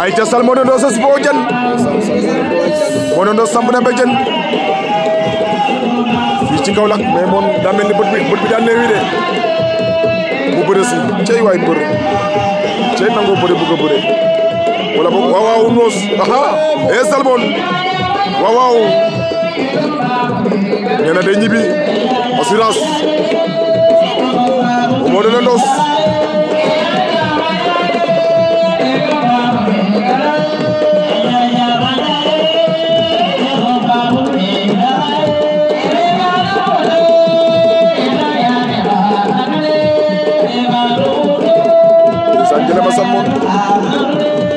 ay ca sal Modou sës boo jën Modou samp na ba jën fii ci Kaolack mais moom ni bët bi bët bi daan néewi de bu bëre si waay bër cey nangoo bëre bëgg a bëre wala boog waaw waaw aha e eh, salmon waaw waaw nee na day ñibbi assurance Ele ama essa mundo.